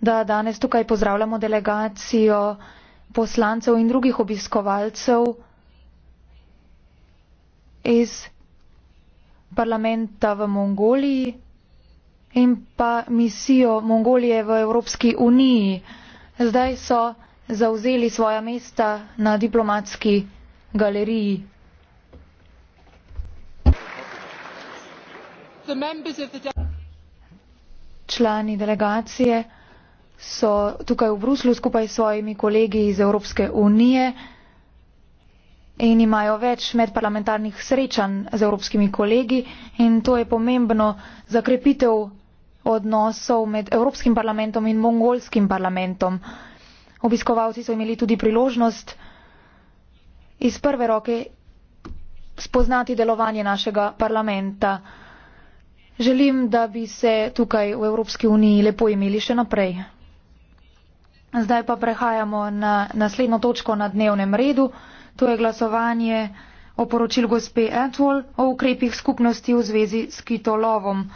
da danes tukaj pozdravljamo delegacijo poslancev in drugih obiskovalcev iz parlamenta v Mongoliji in pa misijo Mongolije v Evropski uniji. Zdaj so zauzeli svoja mesta na diplomatski galeriji. Člani delegacije so tukaj v Bruslu skupaj s svojimi kolegi iz Evropske unije in imajo več medparlamentarnih srečanj z evropskimi kolegi in to je pomembno za krepitev odnosov med Evropskim parlamentom in mongolskim parlamentom. Obiskovalci so imeli tudi priložnost iz prve roke spoznati delovanje našega parlamenta. Želim, da bi se tukaj v Evropski uniji lepo imeli še naprej. Zdaj pa prehajamo na naslednjo točko na dnevnem redu. To je glasovanje o poročil gospe Etwol o ukrepih skupnosti v zvezi s kitolovom.